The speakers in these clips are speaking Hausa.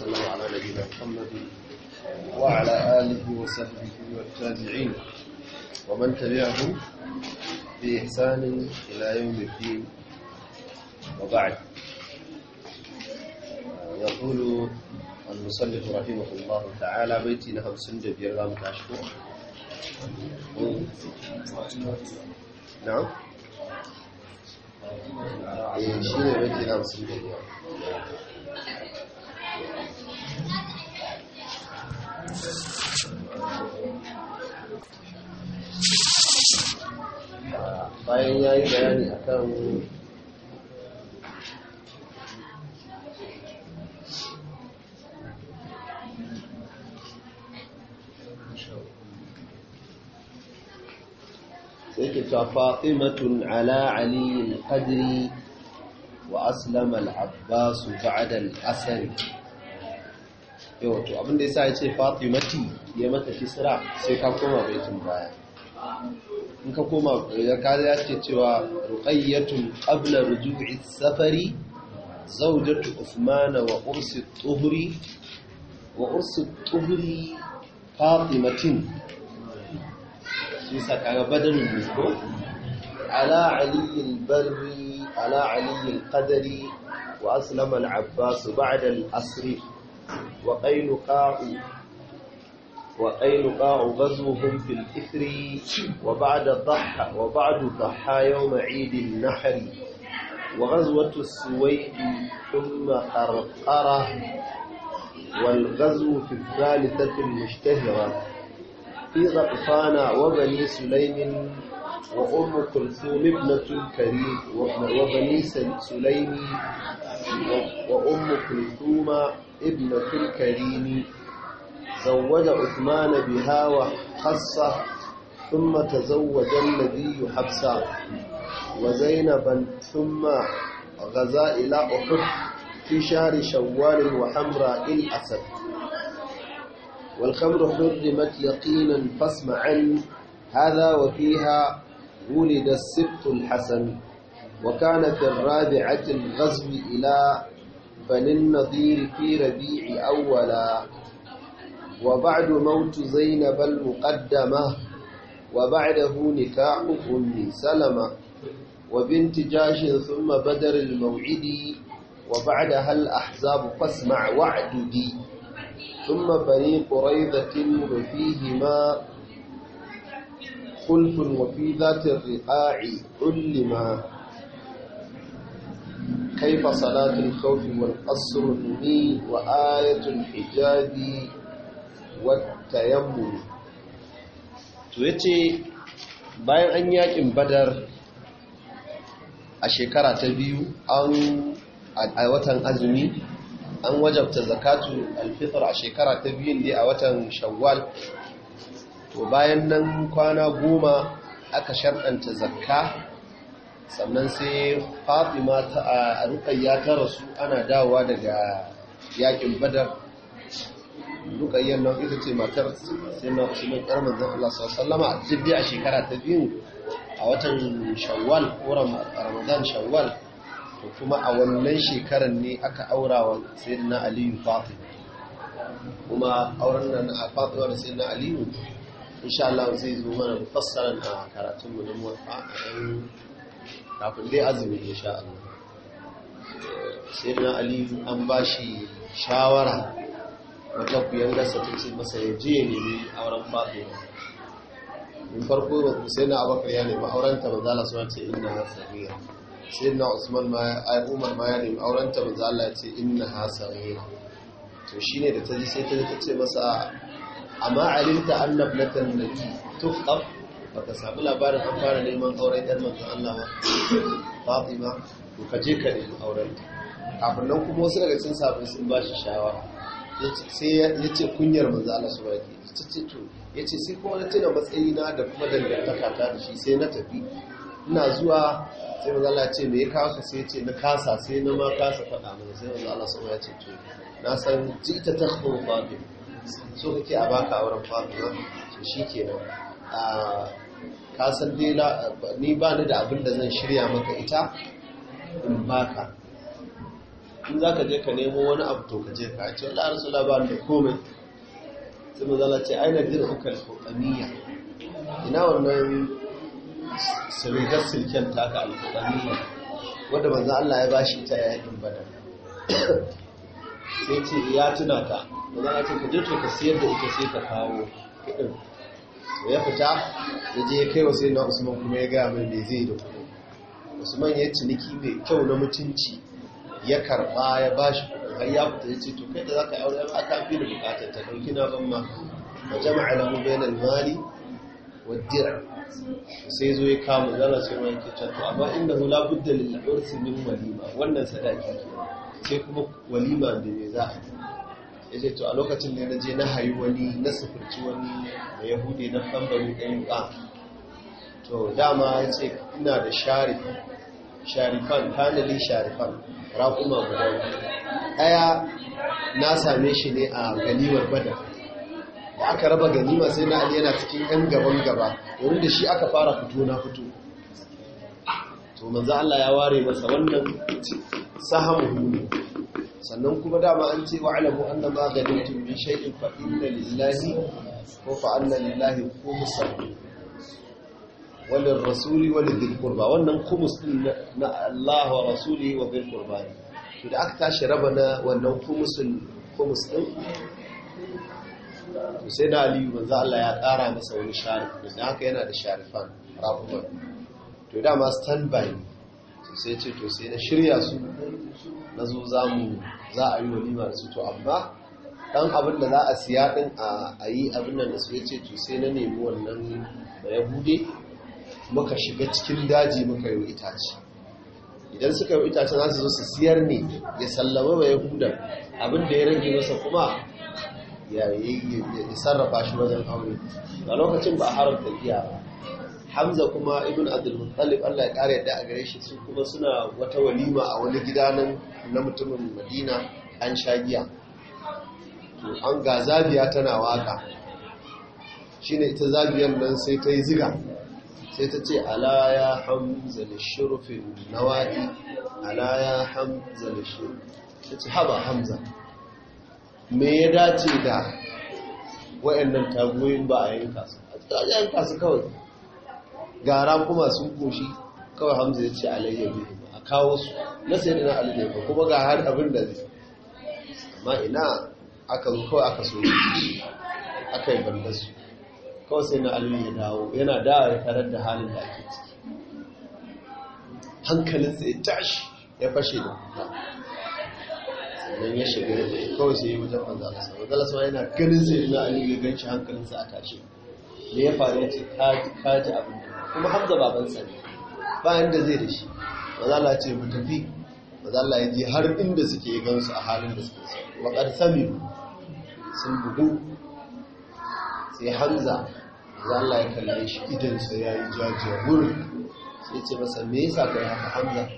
وسلم على نبينا محمد وعلى آله وصحبه والتابعين ومن تبعهم بإحسان إلى يوم الدين وبعد يقول المصلي رحمه الله تعالى بيتنا خمسين دبير غام تاشكور نعم إيه، شيء بيتنا خمسين دبير bayan ya yi bayani a kan سيكت فاطمة على علي القدر وأسلم العباس بعد الأسر yau to abinda ya sa ya ce fatimati ya mata kisra sai ka koma baitin baya in ka koma ya kada ya ce cewa ruqayyatun qabla ruju'i safari zawjatu usman wa ursi tuhri wa ursi tuhri fatimatin shi sa kaga badalin musko ala aliyyil barri ala aliyyil qadari wa aslama al ba'da asri وقيل قاع غزوهم في الإثر وبعد ضحى وبعد ضحى يوم عيد النحر وغزوة السويد ثم قرقرة والغزو في الثالثة المشتهرة في غطفان وبني سليم وأم كلثوم ابنة الكريم وبني سليم وأم كلثوم ابنة الكريم زوج عثمان بها وخصة ثم تزوج النبي حبسا وزينبا ثم غزا إلى أحد في شهر شوال وحمراء الأسد والخمر حرمت يقينا فاسمعا هذا وفيها ولد السبط الحسن وكان في الرابعة الغزو إلى بني النظير في ربيع أولا وبعد موت زينب المقدمة وبعده نكاح أم سلمة وبنت جاش ثم بدر الموعد وبعدها الأحزاب فاسمع وعددي ثم بني قريظة وفيهما خلف وفي ذات الرقاع علما كيف صلاة الخوف والقصر مني وآية الحجاب والتيمم to yace bayan an yaƙin badar a shekara ta biyu a watan azumi an wajabta zakatu alfitr a shekara ta biyun ne a watan shawwal to bayan nan kwana goma aka sharɗanta zakka sannan sai fatima a rukayya ta rasu ana dawowa daga yakin badar rukayyar nan ita ce matar sai na usman karmar zan Allah sallama a jibbi a shekara ta biyu a watan shawwal ko ramadan shawwal to kuma a wannan shekarar ne aka aura wa sayyidina aliyu fatima kuma auren nan a fatima da sayyidina aliyu insha Allah zai zo mana fassara a karatun mu na muwafa a kafin dai azumi ya sha Allah sai na ali an ba shi shawara wata kuyar gasa ta ce masa ya je ya nemi auren fatima in farko ba sai na abakar ya nemi auren ta maza suna ce inna ha sagira sai na usman ma ai umar ma ya nemi auren ta maza Allah ya ce inna ha sagira to ne da ta ji sai ta ce masa amma alinta alimta na nabi tuf baka samu labarin an fara neman auren yar manzon Allah ba Fatima to ka je ka nemi auren kafin nan kuma wasu daga cikin sabbin sun ba shi shawara sai ya ce kunyar manzon Allah su baki ta ce to ya ce sai kuma na tuna matsayi na da kuma dangantaka ta da shi sai na tafi ina zuwa sai manzon Allah ce me ya kasa sai ya ce na kasa sai na ma kasa faɗa mana sai manzon Allah sun ya ce to na san jita ta khuru Fatima so kake a baka auren Fatima to shikenan ka san dai ni ba ni da abin da zan shirya maka ita in baka in za ka je ka nemo wani abu to ka je ka ce wala rasulullah ba da komai sai mu zala ce aina dir ukal qutaniya ina wannan sirgar silken taka ka Wadda wanda Allah ya bashi ta yi bada sai ce ya tuna ta manzo ce ka je to ka siyar da ita sai ka kawo kuɗin. ya fita ya je ya kai wa sai usman kuma ya gaya mai mai zai da kuɗi usman ya ciniki mai kyau na mutunci ya karba ya ba shi kuɗi har ya fita ya ce to kai da za ka yi aure ba ka fi da bukatar ta dauki na ban ma a jama'a lahu bainal mali wa dir'a sai zo ya kama zara sai ma yake cewa amma inda la budda lil ursi min walima wannan sadaki ce kuma walima da me za a yi ya ce to a lokacin da na je na hayu wani na sufurci wani da yahudi na ɓangare ɗayan ba to dama ya ce ina da sharifan kanali sharifan raƙuma guda ɗaya na same shi ne a ganimar badar da aka raba ganima sai na ali yana cikin yan gaban gaba domin da shi aka fara fito na fito to manzo Allah ya ware masa wannan sahamu sannan kuma dama an ce wa alamu anna maganin ganimtum min shay'in fa inna lillahi ko fa'an da lillahi khumsa walil rasuli walil dhil wannan kumus din na allahu wa rasulihi wa dhil ne to da aka tashi raba na wannan kumus khums din to sai da aliyu manzo Allah ya ƙara masa wani sharif da haka yana da sharifan rafuwa to dama standby sai ce to sai na shirya su na zo za a yi walima da su to amma ɗan abin da za a siya ɗin a yi abin da su ya ce to sai na nemi wannan da ya bude muka shiga cikin daji muka yi itace idan suka yi itace za su zo su siyar ne ya sallama ba ya huda abin da ya rage masa kuma ya sarrafa shi wajen aure a lokacin ba a haramta giya ba hamza kuma ibn abdulmuttalib allah ya ƙara yadda a gare shi su kuma suna wata walima a wani gida nan na mutumin madina an sha giya an ga zabiya tana waka ne ita zabiyan nan sai ta yi ziga sai ta ce alaya hamza da shirufin nawa'i alaya hamza da shirufin ta ce haba hamza me ya dace da wa'annan tagoyin ba a yanka su a yanka su kawai gara kuma sun koshi kawai hamza ya ce alayya biyu a kawo su na sai da na alayya kuma ga har abin da zai amma ina aka zo kawai aka so su, aka yi banda su kawai sai na alayya ya dawo yana dawa ya tarar da halin da ake ciki Hankalin ya tashi ya fashe da kuka sannan ya shiga ya kawai sai ya wajen manzala sa manzala sa yana ganin sai na alayya ya gan hankalinsa a tashi me ya faru ya ce kaji abin da kuma hamza baban sani, bayan da zai da shi maza la ce mu tafi maza la yi je har inda suke gansu a halin da suke su waƙar sami sun bugu sai hamza za la ya kalle shi sa ya yi jajiya wurin sai ce masa me yasa kai haka hamza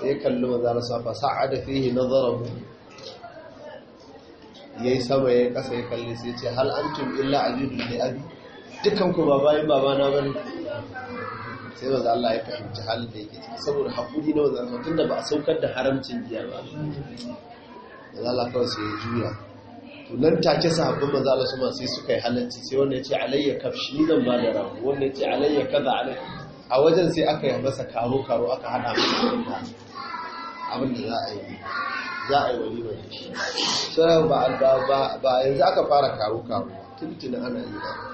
sai kalli maza Allah sa fa sa'ada fihi nazarahu yayi sama ya kasa ya kalle sai ce hal antum illa abidun li abi dukkanku ba bayan babana ba ne sai wanzu Allah ya fahimci halin da yake ciki saboda hakuri na wanzu tun da ba a saukar da haramcin giya ba da Allah kawai sai ya juya Tunan nan take sahabban manzo Allah suma sai suka yi halarci sai wanda ya ce alayya kafshi shi zan ba da rahu wanda ya ce alayya kaza alayya a wajen sai aka yi masa karo karo aka hada masa abin da za a yi za a yi wani wani shi sai ba ba yanzu aka fara karo karo tuntuna ana yi ba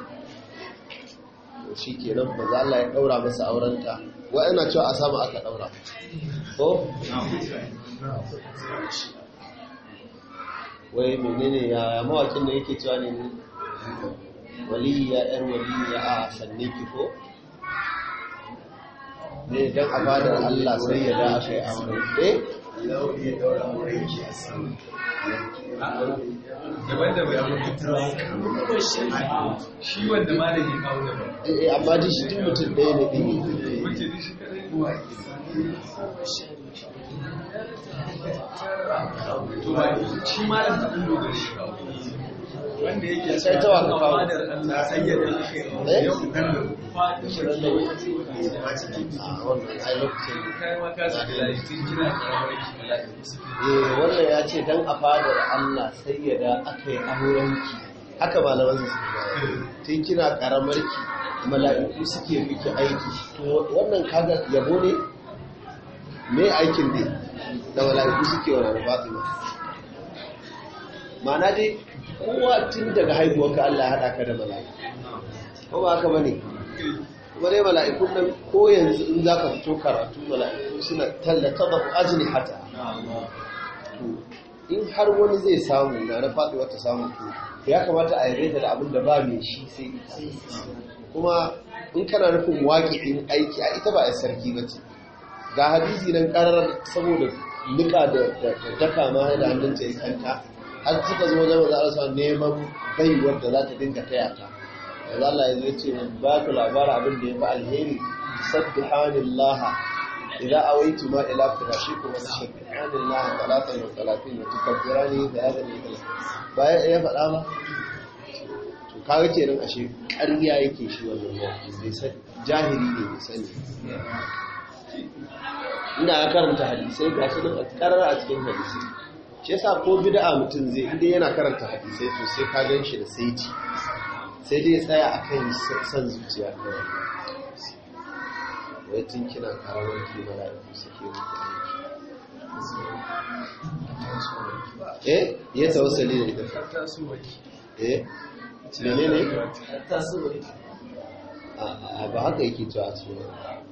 shi kenan za Allah ya ɗaura masa aurenta wa yana cewa a samu aka ɗaura ko? wai menene ya mawakin da yake cewa ne waliya yar waliya a sanne ki ko? ne eh, don a fadar Allah sai ya da a kai aure eh? lauri a da shi duk mutum ɗaya ne ɗin to ba shi da wanda yake sai ta wa kafa wadar Allah da shi yau dan da shi da a wannan ai lokacin kai ma ka saki lafiya kina karamar ki lafiya eh wannan ya ce dan a fadar Allah sai ya da akai aurenki haka malaman su tun kina karamar ki mala'iku suke miki aiki wannan kaga yabo ne me aikin ne da mala'iku suke wa Fatima mana dai kowa tun daga ka Allah ya haɗa ka da mala'iku ko ba haka bane kuma dai mala'ikun nan ko yanzu in za ka fito karatu mala'iku suna tallata ba ku hata in har wani zai samu na na faɗi wata samu to ya kamata a yabe da abin da ba mai shi sai kuma in kana nufin waƙi'in aiki a ita ba a sarki ba ce ga hadisi nan ƙarar saboda nika da daka ma da hannun ta kanta har suka zo wajen manzo Allah neman baiwar da za ta dinga taya ta manzo Allah ya ce ba ku labarin abin da ya fi alheri sabbihanillaha إذا أويتما إلى فراشكم وتسبحان الله ثلاثا وثلاثين وتكبرانه ثلاثا وثلاثين بايا إيه فلا ما kaga kenan ashe ƙarya yake shi wannan bai san jahili ne bai sani ina karanta hadisai ga su nan a cikin hadisai shi yasa ko bid'a mutum zai inda yana karanta hadisai to sai ka gan shi da saiti sai dai tsaya a akan san zuciya wai tun kina karawar ki mala'iku suke muku aiki eh ya tawassali da ita Ta eh menene a ba haka yake a suna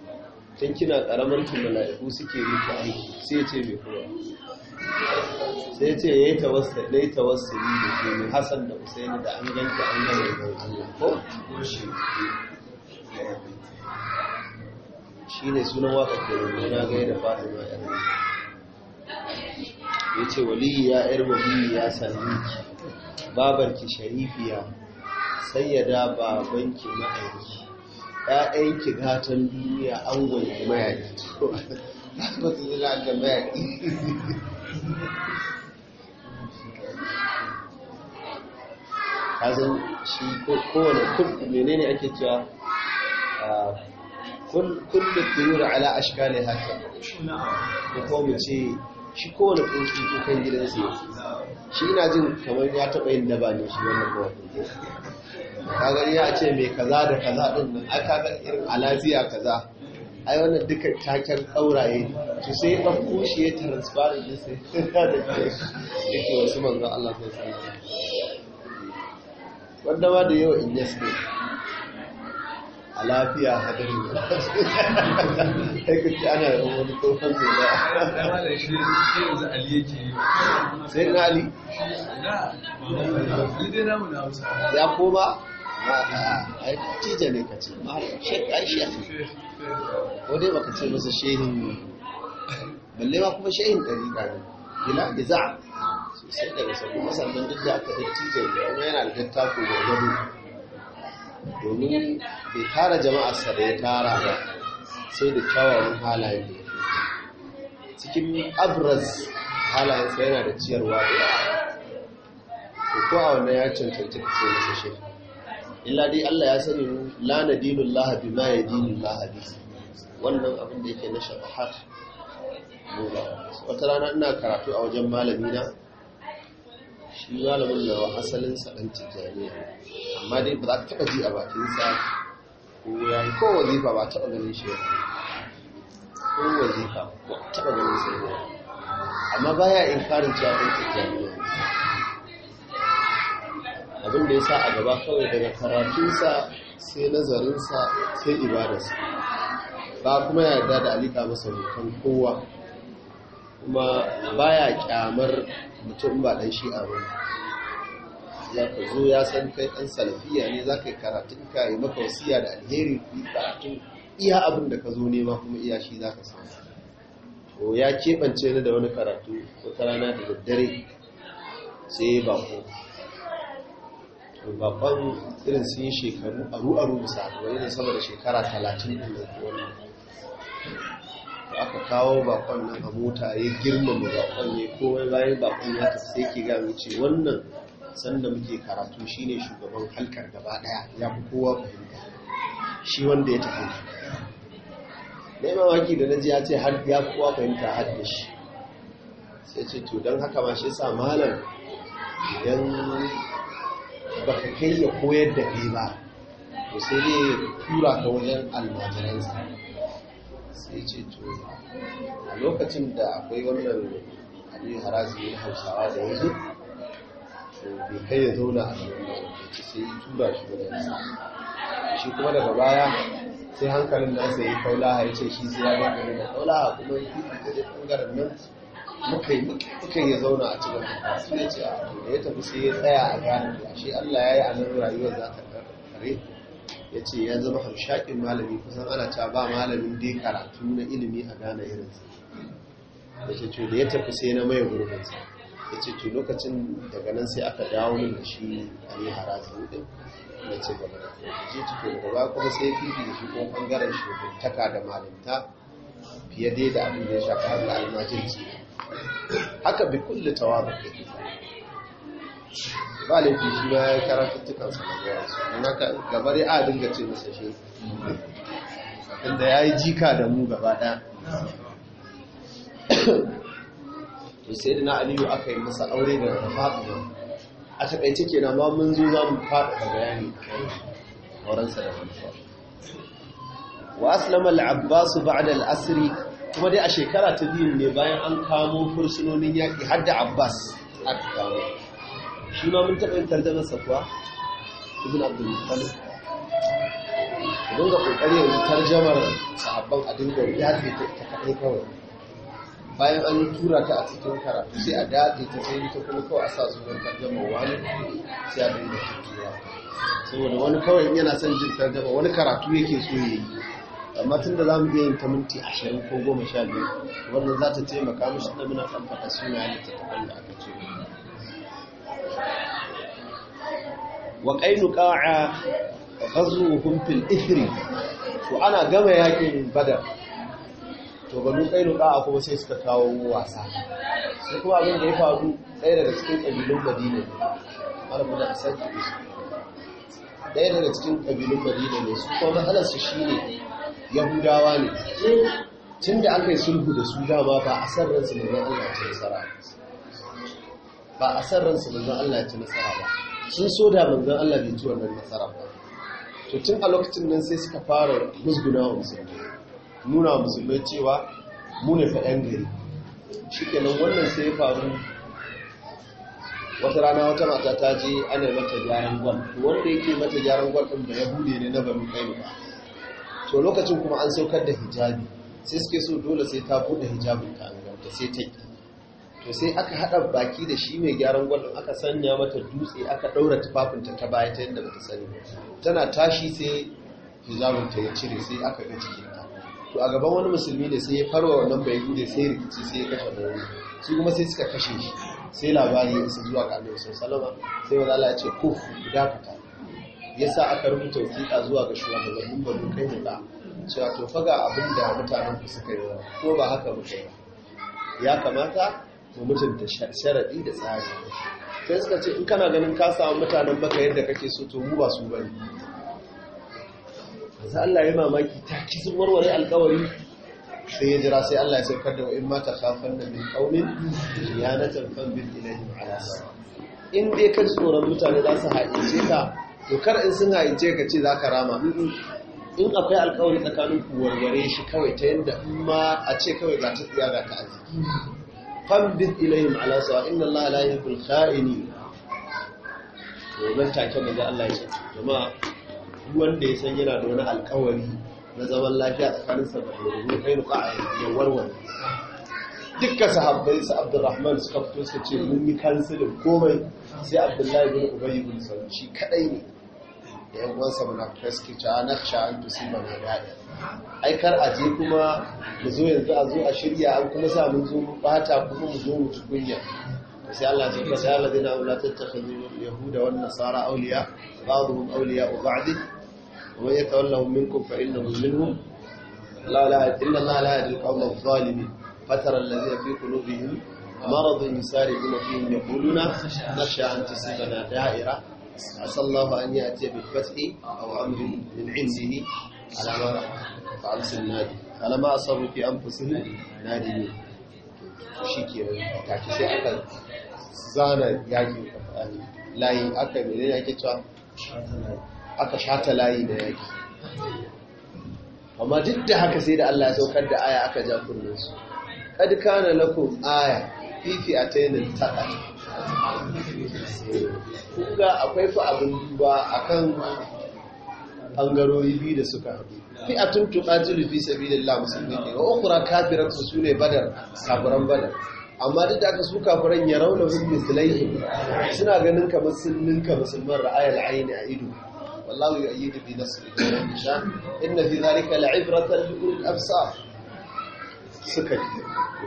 tun kina karamar ki mala'iku suke muku aiki sai ce mai kuma sai ce ya yi yi da ke mai hassan da husaini da an ganta an gama ko shi ne sunan waka ke rumuna gai da fatima yar ya ce waliyi ya yar waliyi ya sami babarki sharifiya da babanki ma'aiki ‘ya'yanki gatan duniya an gwani mayaki That was like a bag. kasan shi kowane kullum menene ake cewa kullum tuyura ala ashkali haka da kome ce shi kowane kunshi kukan gidansu shi ina jin kamar ya taɓa yin daba ne shi wannan kowane kagar ya ce mai kaza da kaza ɗin nan aka ga irin alaziya kaza ai wannan duka taken kauraye to sai ya kushi ya transparent din sai da yake wasu manzo Allah sai sai wanda ma da yawa in yes ne a lafiya hadari ne ka ci ana yawan wani tsohon ne ba sai na ali ya koma ai tija ne ka ce shek ai ko dai baka ce masa shehin balle ma kuma shehin ɗariƙa ne ila da za sosai da wasu kuma sannan duk da aka da tija ne kuma yana da dattako da gado domin bai tara jama'arsa da ya tara ba sai da kyawawan halaye da cikin abraz halayensa yana da ciyarwa da ko a wannan ya cancanta ka ce masa shehin illa dai Allah ya sani mu la Allah bi ma Allah lahabi wannan abin da yake na shafahat nuna wata rana ina karatu a wajen malamina shi malamin da wa asalin sa dan tijaniya amma dai ba za ka taba ji a bakin sa ko yi ko wazifa ba taba ganin shi ba ko wazifa ba taba ganin sa amma baya inkarin cewa dan tijaniya abin da ya sa a gaba kawai daga karatunsa sai nazarinsa sai ibadarsa ba kuma yarda da alika masa hoton kowa kuma ba ya kyamar mutum ba dan shi'a abin ya ka zo ya san kai ɗan salafiya ne za ka yi karatun ka yi maka wasiya da alheri ku karatun iya abin da ka zo nema kuma iya shi za ka samu to ya keɓance ni da wani karatu wata rana da daddare sai bako babban irin sun yi shekaru aru-aru misali wani ne saboda shekara talatin da da aka kawo bakon nan a mota ya girmama bakon ne kowai bayan bakon ya ta sai ke gami ce wannan sanda muke karatu shi ne shugaban halkar gaba daya ya fi kowa fahimta shi wanda ya tafi na yi mamaki da na ji ya ce har ya fi kowa fahimta har da shi sai ce to don haka ma shi sa malam idan baka kai ya koyar da kai ba to sai ne tura ka wajen almajiransa sai ce to a lokacin da akwai wannan abin harazi na hausawa da yanzu to bai kai ya zauna a gaban sai ya tura shi wajen sa shi kuma daga baya sai hankalin nasa ya kaula ya ce shi sai ya ga da kaula kuma ya fi ɓangaren nan muka yi muka yi zauna a cikin sai ya ce a ah, da ya tafi sai ya tsaya a gane da shi Allah ya yi a nan rayuwar za ta kare ya ce ya zama harshakin malami kusan ana ta ba malamin ya karatu na ilimi a gane irinsa ya ce to da ya tafi sai na mai gurbinsa ya ce to lokacin daga nan sai aka dawo min da shi a yi harazin din na ce gaba da shi cikin gaba kuma sai fifi da shi kuma bangaren shugabtaka da malinta fiye dai da abin da ya shafi har da almajirci haka bi kulle tawadu ba laifin shi ba ya karatuttukan sa na zuwa su don haka gabar ya dinga ce masa shi inda ya yi jika da mu gaba ɗaya to sai da na aliyu aka yi masa aure da fatima a takaice ke na ma mun zo za mu faɗa da bayani aurensa da manufa. wa aslama al-abbas ba'da al-asri kuma dai a shekara ta biyu ne bayan an kamo fursunonin yaƙi har da abbas a kawo shi ma mun taɓa yin tarjamarsa safuwa ibn abdul Ku dinga ƙoƙari yanzu tarjamar sahabban a ya ce ta kaɗai kawai bayan an tura ta a cikin karatu sai a daɗe ta sai ta kuma kawai a sa sunan tarjamar wani sai a dinga tura saboda wani kawai yana son jin tarjama wani karatu yake so yi amma tun da za mu iya yin ta minti ashirin ko goma sha biyu wannan za ta taimaka mishi da muna kan faɗa suna ta tattaɓar da aka ce wa ƙainu ƙa'a ƙazu fil ithri to ana gama yakin badar to ba banu ƙainu ƙa'a kuma sai suka kawo wasa sai kuma abin da ya faru ɗaya daga cikin ƙabilun madina ne malamin da sarki ɗaya daga cikin ƙabilun madina ne su kuma matsalarsu shi ne yahudawa ne tun da aka yi sulhu da su dama ba a san ransu manzon Allah ce ci nasara ba a san ransu zan Allah ce ci nasara ba sun so da zan Allah bai ci wannan nasara ba to tun a lokacin nan sai suka fara musguna wa musulmai nuna wa musulmai cewa mu ne fa yan gari shikenan wannan sai ya faru wata rana wata mata ta je ana mata gyaran gwal wanda yake mata gyaran gwal ɗin da ya bude ne na bamu kai ba to lokacin kuma an saukar da hijabi sai suke so dole sai ta bude hijabin ta an ganta sai ta yi. to sai aka haɗa baki da shi mai gyaran gwalin aka sanya mata dutse aka ɗaura tufafinta ta baya ta yadda bata sani tana tashi sai hijabin ta ya cire sai aka ga jikinta to a gaban wani musulmi ne sai ya farwa wannan bai gude sai rikici sai ya kashe wani su kuma sai suka kashe shi sai labari ya isa zuwa ga Annabi sallallahu sai manzo ya ce kuf guda fita ya sa aka rubuta wasiƙa zuwa ga shugabannin banu kai da cewa to faga abin da mutanen ku suka yi ko ba haka ba? yi ya kamata mu mutunta sharadi da tsari sai suka ce in kana ganin ka samu mutanen baka yadda kake so to mu ba su bane za Allah ya mamaki ta kisin warware alkawari sai ya jira sai Allah ya saukar da wa'in mata kafan da min kaunin yanatar fan bin ilahi ala in dai ka tsoron mutane za su haɗe ka to kar in yi ce ka ce za ka rama in akwai alkawari tsakanin ku warware shi kawai ta yadda in ma a ce kawai za ta tsiyara ka a jiki fambit ilayhim ala sawa inna allaha la yuhibbul to nan take manzo Allah ya ce wanda ya san yana da wani alkawari na zaman lafiya tsakanin sa da ruhu kai a ya warware dukkan sahabbai su Abdurrahman suka fito suka ce mun yi kansilin komai sai Abdullahi bin Ubay bin shi kadai ne da yan uwansa munafikai ah, suke na sha an tusiba mai daɗi ai kar a je kuma mu zo yanzu a zo a shirya an kuma sa mun zo bata kuma mu zo mu ci kunya sai Allah ce fa sai ta la tattakhidhu yahuda wan nasara awliya ba'dhum awliya wa ba'd wa yatawallahum minkum fa innahum minhum la ilaha illa Allah la al-qawm adh-dhalimin fatara alladhina fi qulubihim مرض يسارعون فيهم يقولون نخشى أن تصيبنا عسى الله أن يأتي بالفتح أو أمر من عنده على ما فعلت النادي على ما أصابوا في أنفسهم نادمين شكرا تاكي سي أكا زانا ياجي layi aka mene yake cewa aka shata layi da yake amma duk da haka sai da Allah ya saukar da aya aka ja kunnen su kad kana lakum aya fifi atainil taqat kunga akwai fa abin duba akan bangarori biyu da suka haɗu fi'atun tuqatilu fi lamu sun ne wa okura kafiran su ne badar kafiran badar amma duk da aka su kafiran ya rauna hum mislaihim suna ganin kamar musulmin ka musulman ra'ayar aini a ido wallahu dubi bi nasrihi insha inna fi dhalika la'ibratan li ulil suka ji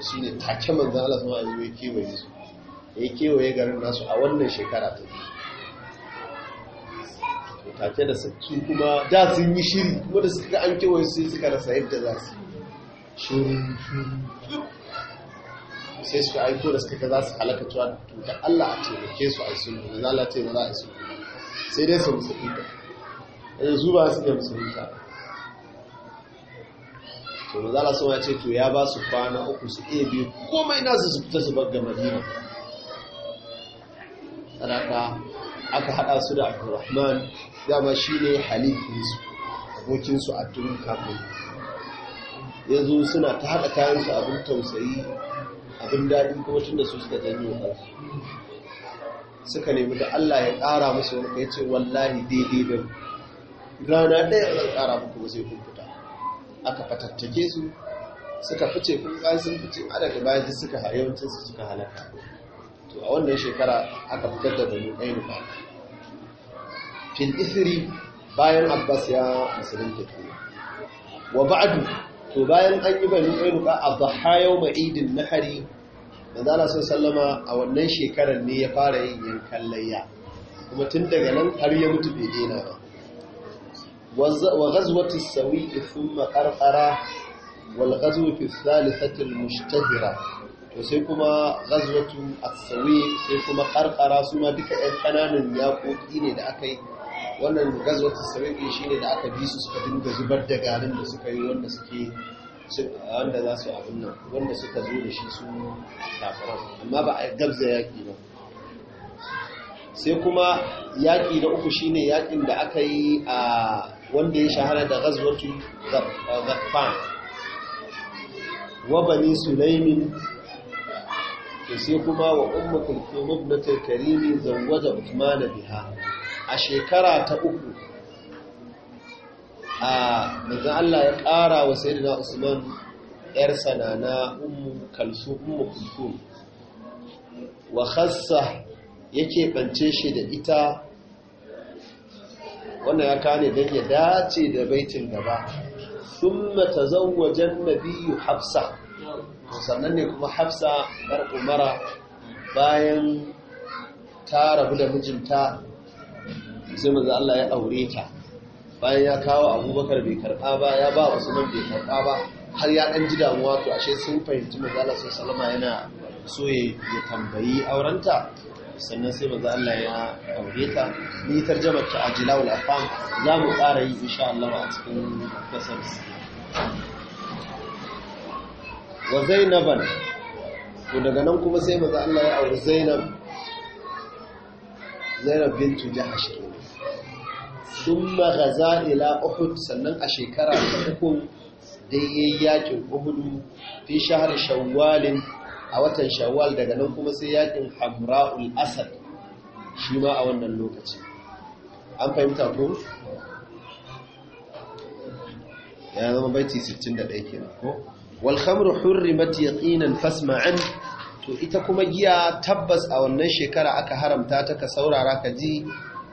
shine take manzo Allah sallallahu alaihi ya kewaye su ya kewaye garin nasu a wannan shekara ta biyu take da su kuma da sun yi shiri kuma da suka an kewaye su suka rasa yadda za su shiri sai suka aiko da suka ka za su halaka cewa da Allah a taimake su a sun da zala ce ba za a sun sai dai su musulunta da su ba su da musulunta to da zala sun ce to ya ba su kwana uku su iya biyu komai na su fita su bar ga madina sadaka aka hada su da abdurrahman dama shi ne halittinsu abokinsu a tun kafin ya zo suna ta haɗa kayansu abin tausayi abin daɗi kuma tun da su suka janyo kansu suka nemi da Allah ya ƙara musu wani kai ce wallahi daidai da rana ɗaya zan ƙara muku ba sai kun fita aka fatattake su suka fice kun ƙan sun fice adadin bayan su suka yawancin su suka halaka to a wannan shekara aka fitar da bani ɗaya ne ba fil isri bayan abbas ya musulun tafi wa ba'du to bayan an yi bani ƙainuka a zaha yau ma'idin na da zana sun sallama a wannan shekarar ne ya fara yin yankan layya kuma tun daga nan har ya mutu bai dena ba wa gazwatu sawi thumma qarqara wal ghazwatu thalithatu al mushtahira to sai kuma gazwatu as-sawi sai kuma qarqara su duka 'yan kananan yaƙoƙi ne da aka yi wannan gazwata sarki shine da aka bi su suka dinga zubar da garin da suka yi wanda suke wanda za su abin nan wanda suka zo da shi su kafiran amma ba a gabza yaƙi ba sai kuma yaƙi na uku shine yaƙin da aka yi a wanda ya shahara da gazwatu zafan wa bani sulaimin sai kuma wa ummu kulthum ibnatul karim zawwaja uthman biha a shekara ta uku a mazan Allah ya ƙara wa saidina Usman ‘yarsa na na umu kulku wa khassa yake bance shi da ita wannan ya kane don ya dace da baitin gaba sun mata matazauwajen nabiyu hafsa sannan ne kuma hafsa ɗar umara bayan ta rabu da mijinta sai manzo Allah ya aure ta bayan ya kawo abubakar bai karɓa ba ya ba nan bai karɓa ba har ya ɗan ji damuwa to ashe sun fahimci manzo Allah salama yana so ya tambayi aurenta sannan sai manzo Allah ya aure ta ni tarjamar ta ajilawul afam za mu ƙara yi insha Allah a cikin kasar wa zainaban to daga nan kuma sai manzo Allah ya aure zainab zainab bintu jahash sun magaza ila uhud sannan a shekara ta uku dai yayi yakin uhudu fi shahar shawwal a watan shawwal daga nan kuma sai yakin hamra'ul asad shi ma a wannan lokaci an fahimta ko ya zama baiti 61 kenan ko wal khamru hurrimat yaqinan fasma'an to ita kuma giya tabbas a wannan shekara aka haramta ta ka saurara ka ji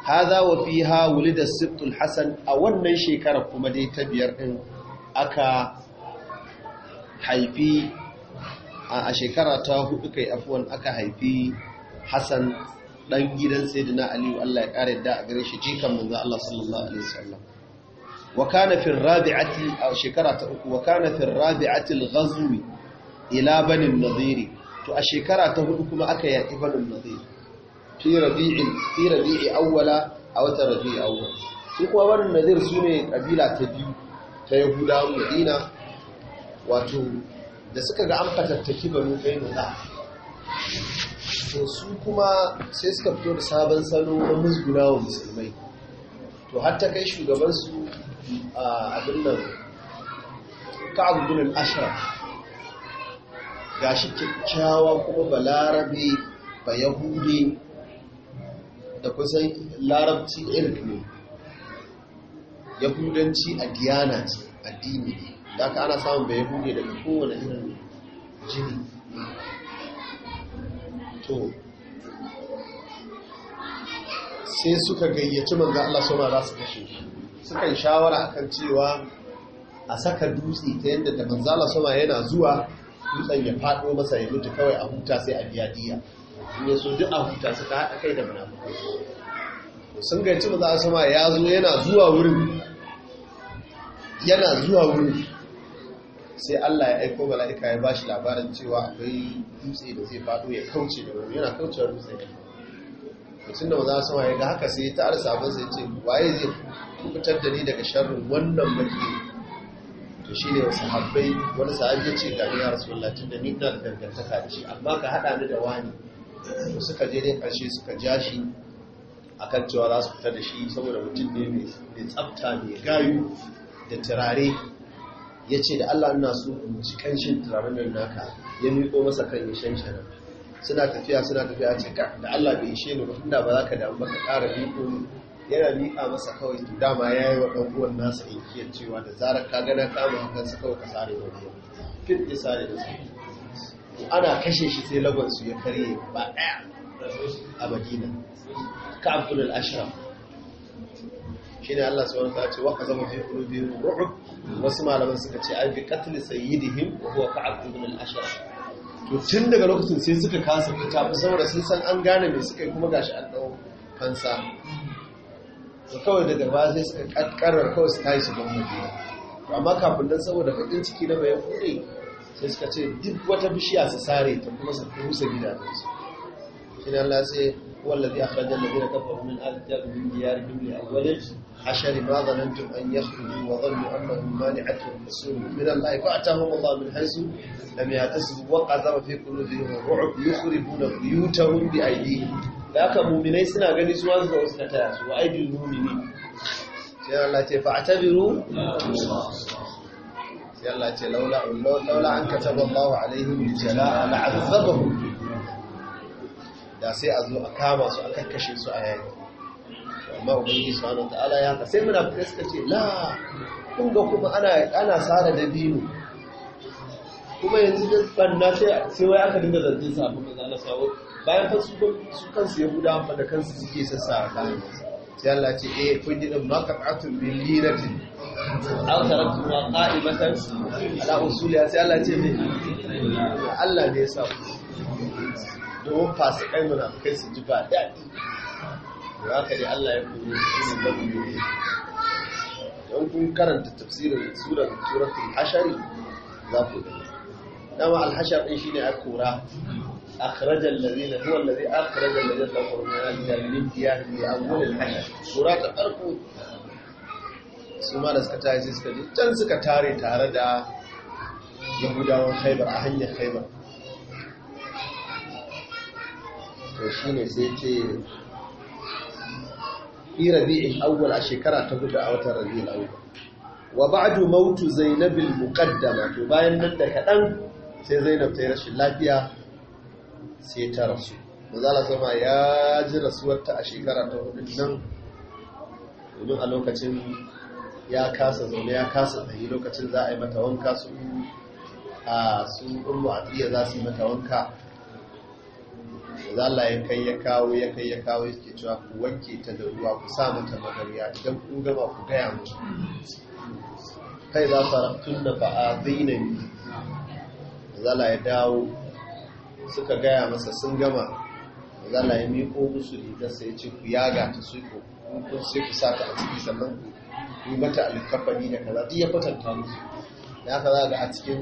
haza wa fiha wulida sibtul Hassan a wannan shekara kuma dai ta biyar ɗin, aka haifi a shekara ta hudu kai afuwan aka haifi Hassan ɗan gidan sayyidina aliyu Allah ya kare da a gare shi jikan manzo Allah sallallahu alaihi wasallam wa kana fi rabi'ati a shekara ta uku wa kana fi rabi'ati al-ghazwi ila bani nadiri to a shekara ta hudu kuma aka yaƙi banul nadir fi rabi'i awwala a watan rabi'i awwal su kuma banul Nazir su ne kabila ta biyu ta yahudawa madina wato da suka ga an fatattaki banu kainuka to su kuma sai suka fito da sabon salo na musguna wa musulmai to har ta kai shugabansu a abin nan ka abubuwan ashirar gashi kyakkyawa kuma balarabe ba yahudi da kusan larabci irk ne yahudanci a diyana ce addini ne da aka ana samun ba yahudi daga kowane irin jini to sai suka gayyaci manza Allah sura za su kashe Sukan suka yi shawara akan cewa a saka dutse ta yadda da manzo Allah yana zuwa dutsen ya faɗo masa ya mutu kawai a huta sai a biya diya in ya so duk a huta suka haɗa kai da munafukai sun ganci maza a sama ya zo yana zuwa wurin yana zuwa wurin sai Allah ya aiko mala'ika ya bashi labarin cewa akwai dutse da zai faɗo ya kauce da wani yana kaucewa dutse mutum da maza sama ya ga haka sai ya tara sabon sai ce waye zai fitar da ni daga sharrin wannan maki to shi ne sahabbai wani sahabi ya ce ga ni ya rasulullah tun da ni da dangantaka da shi amma ka haɗa ni da wani to suka je dai ƙarshe suka ja shi akan cewa za su fita da shi saboda mutum ne mai tsafta mai gayu da turare ya ce da Allah ina so in ci kanshin turaren nan naka ya miko masa kan ya shanshana suna tafiya suna tafiya a cika da Allah bai ishe ni ba inda ba za ka damu ba ka ƙara miko yana miƙa masa kawai dama ya yi wa ɗan uwan nasa inkiyar cewa da zarar ka gana kama su kawai ka sare da ruwa fit ya sare da su ana kashe shi sai lagonsu ya karye ba ɗaya a madina ka abdulal ashraf shi ne allah su wanta ce waka zama fi kulubi ruhu wasu malaman suka ce an fi katil sayyidihim wa ka abdulal ashraf to tun daga lokacin sai suka kasa fita saboda sun san an gane mai suka yi kuma gashi an ɗau fansa kawai daga ba sai suka ƙarar kawai su tashi su ban madina amma kafin nan saboda bakin ciki na bayan kuɗi sai suka ce duk wata bishiya su sare ta kuma su rusa gidajensu shi ne Allah sai wallazi akhraja alladhina kafaru min al-ardi min diyarihim li awwalin da nan tun an yakhruju wa dhannu annahum mani'atuhum rasulun min Allah fa'atahum Allah min haythu lam yahtasib wa qadara fi qulubihim ar-ru'b yukhribuna buyutahum bi aydihim da aka muminai suna gani su wanzu wasu suna taya su ai biyu mumini sai Allah ce fa atabiru sai Allah ce laula laula an kataba Allah alaihim jalaa la'azabahum da sai a zo a kama su a karkashe su a yayi amma ubangiji subhanahu ta'ala ya ka sai muna fuska ce la kun ga kuma ana ana sara da biyu. kuma yanzu da banna sai sai wai aka dinga zargin sa abin zana Allah sawo bayan fa su su kansu yahudawa amma da kansu suke a kayan sai Allah ce eh kun yi din maqatun bil liratin aw taraktu ma qa'imatan ala usuliha sai Allah ce me Allah ne ya sa domin fasikai kai su ji ba daɗi da haka dai Allah ya koyo shi ne ba mu don kun karanta tafsirin surar suratul hashari za ku dama alhashar hashar din shine a kora أخرج الذين هو الذي أخرج الذين تخرج من الكتاب من لأول الحشر سورة الأرقود su ma da suka tare sai suka je can suka tare tare da yahudawan haibar a hanyar haibar to ne sai ce fi rabi'in awwal a shekara ta hudu a watan rabi'in wa ba'du mautu zainab al to bayan nan da kadan sai zainab ta yi rashin lafiya sai ta rasu a zama ya ji ta a shekara ta hudu nan domin a lokacin ya kasa zaune ya kasa tsaye lokacin za a yi mata wanka su a su a atiya za su yi mata wanka a ya kai ya kawo ya kai ya kawo yake cewa ku wanke ta da ruwa ku sa mata magarya idan ku gama ku gaya mu kai za su raftun da fa'a zainani manzala ya dawo suka gaya masa sun gama zala ya miko musu rigarsa ya ce ku yaga ta su ku sai ku sa ta a ciki sannan ku yi mata alkafani da kaza duk ya kwatanta musu da haka za ga a cikin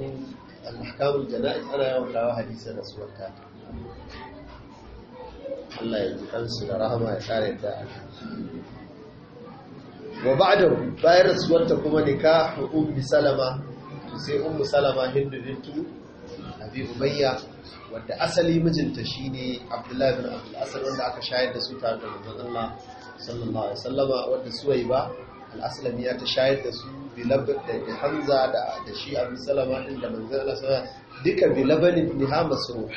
alhakamun jana'is ana yawan kawo hadisi da su wata. Allah ya ji kansu da rahama ya kare ta wa ba'da bayan suwarta kuma nikahu ummi salama to sai ummu salama hindu bintu abi umayya wanda asali mijinta shine abdullahi bin abdul asad wanda aka shayar da su tare da manzon Allah sallallahu alaihi wasallama wanda suwaiba al-aslami ya ta shayar da su bilabin da hamza da shi abu salama din da manzon Allah sallallahu duka bilabin ibn hamasru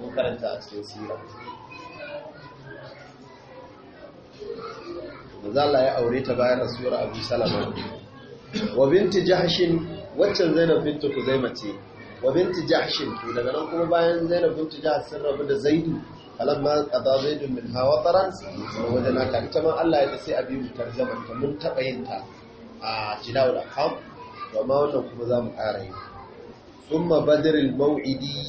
mun karanta a cikin sira manzon Allah ya aure ta bayan rasuwar abu salama wa binti jahshin waccan zainab bintu kuzaima ce wa binti jahshin to daga nan kuma bayan zainab binti jahsh sun rabu da zaidu falamma qada zaidun min hawa taran wajana ka ita ma Allah ya sai abi mu tarjama ta mun taba yin ta a jilawul ahkam to amma wannan kuma za mu ƙara yi thumma badrul maw'idi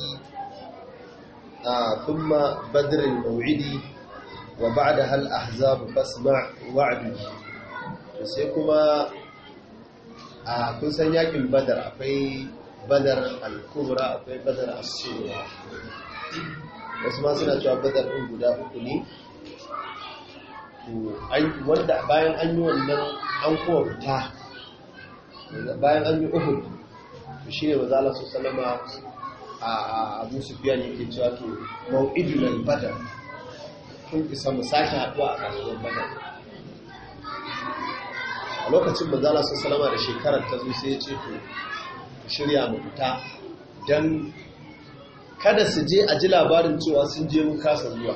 a thumma badrul maw'idi wa ba'daha al ahzab fasma' wa'di to sai kuma a kun san yakin badar akwai badar al-kubra akwai badar asuwa wasu ma suna cewa badar ɗin guda uku ne wanda bayan an yi wannan an kuma fita bayan an yi uhud to shi ne su salama a abu su biya ne ke cewa to ma'u'idunan badar kun isa mu sake haɗuwa a kasuwar badar a lokacin mazala su salama da shekarar ta zo sai ya ce to shirya mu fita don kada su je a ji labarin cewa sun je mun kasa zuwa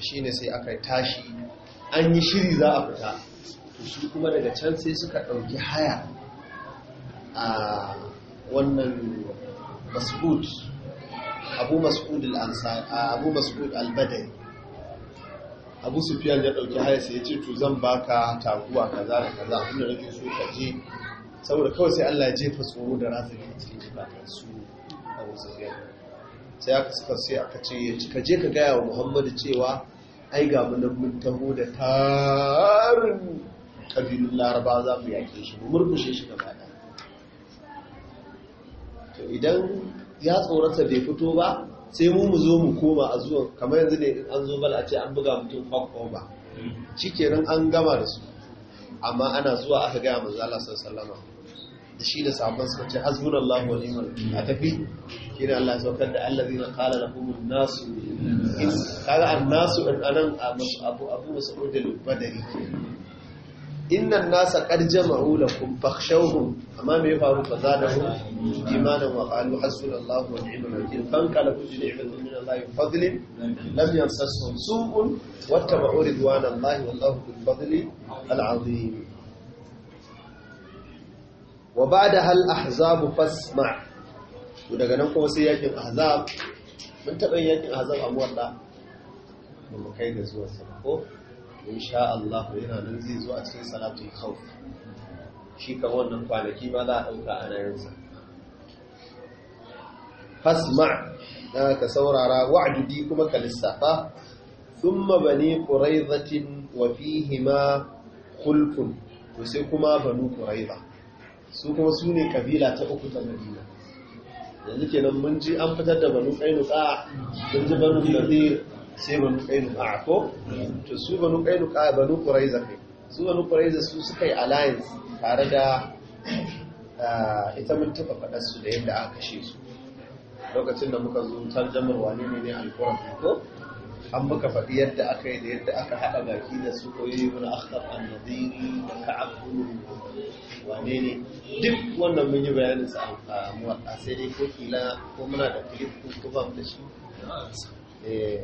shi ne sai aka tashi an yi shiri za a fita su kuma daga can sai suka ɗauki haya a wannan masbud abu masbud al-badai abu sufiyan ya ɗauki haya sai ya ce to zan baka taguwa kaza da kaza inda nake so ka je saboda kawai sai Allah ya jefa tsoro da razali cikin zukatan su a wasu sai aka suka sai aka ce ka je ka gaya wa Muhammadu cewa ai ga munan mun taho da tarin kabilun Laraba za mu yake shi mu murkushe shi gaba da to idan ya tsorata bai fito ba sai mu mu zo mu koma a zuwa kamar yanzu ne in an zo bala a ce an buga mutum fuck ba. Hmm. shikenan an gama da su amma ana zuwa aka gaya manzo Allah sallallahu alaihi da shi da sabon suka ce hasbunallahu wa ni'mal a tafi shine Allah saukar da allazina qala lahum an-nasu kaga an-nasu anan abu abu innan nasa qad jama'u lakum amma faru fa zadahum imanan wa qalu hasbunallahu wa ni'mal wakil fankalabu bi ni'matin min Allah fadlin wa da hal ahzabu fasma to daga nan kuma sai yakin ahzab mun taɓa yakin ahzab a muwadda ba mu kai zuwa insha Allah yana nan zai zo a cikin salatul khawf shi kan wannan kwanaki ma za a ɗauka a nayansa fasma ka saurara wa'dudi kuma ka lissafa thumma bani quraizatin wa fihima khulfun to sai kuma banu quraiza su kuma su ne kabila ta uku ta madina yanzu kenan mun ji an fitar da banu kainu ka sun ji banu nadir sai banu ka ko to su banu kainu ka banu quraiza kai su banu quraiza su suka yi alliance tare da eh, ita mun taba fadar su da yadda aka kashe su lokacin da muka zo tarjamar wani ne ne alquran ko an muka faɗi yadda aka yi da yadda aka haɗa baki da su koyi wani akhtar annadiri da ka'ab wane ne duk wannan mun yi bayanin sa a muwatta sai dai ko kila ko muna da clip ko ko ba da shi eh,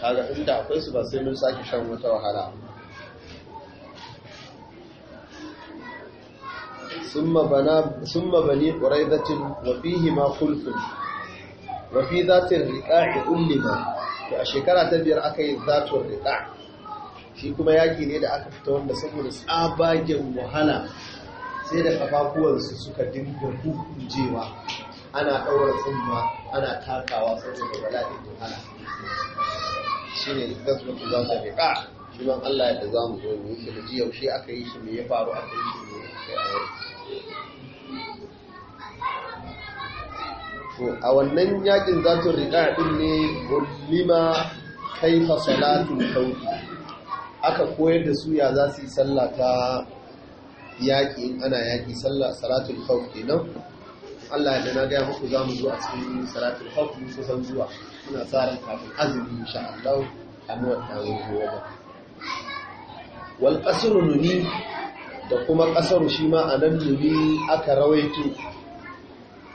kaga inda akwai su ba sai mun sake shan wata wahala ثم bani ثم بني قريظة وفيهما خلف wa fi zatin da ulima to a shekara ta biyar aka yi zatun riƙa? shi kuma yaki ne da aka fita wanda saboda tsabagen wahala sai da kafafuwansu suka dinga hukunjewa ana ɗaura tsumma ana takawa saboda bala'in wahala shi ne zatun zatun riƙa? shi Allah yadda za mu zo mu yi shi yaushe aka yi shi me ya faru aka yi shi mai a faru to a wannan yakin zatun riƙa ɗin ne kai kaifa salatu khawfi aka koyar da su ya za su yi sallah ta yaƙi in ana yaƙi sallah salatul khawf kenan Allah ya na gaya muku zamu zo a cikin salatul khawf kusan zuwa muna sa ran kafin azumi insha Allah amma wata mun ba wal qasru nuni da kuma ƙasar shi ma nan nuni aka rawaito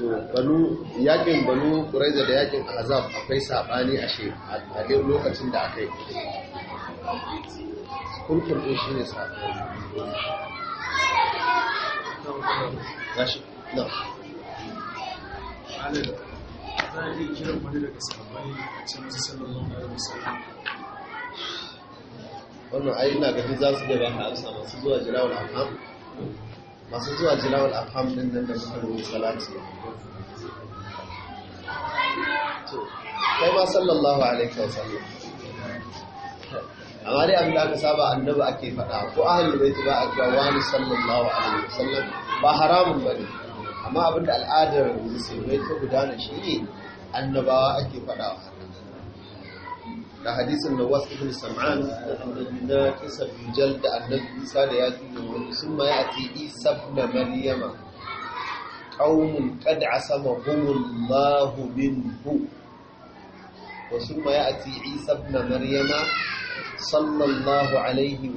to banu yakin banu kuraiza da yakin azab akwai saɓani a she a lokacin da aka yi din shi ne saɓani a a wannan ayi ina ganin za su da ba ka amsa masu zuwa jirawul amma masu zuwa jilawar afam din nan da suka rubu salati kai ma sallallahu alaihi wa sallam amma dai abin da aka saba annabi ake faɗa ko ahlul baiti ba a cewa wani sallallahu alaihi wa sallam ba haramun bane amma abin da al'adar musulmai ta gudana shi ne annabawa ake faɗa da hadisin na wasu ibn sam'an na kisa dujal da annabi isa da ya da wani sun ma ya ce isa na maryama ma ya ce isa na maryama sallallahu alaihi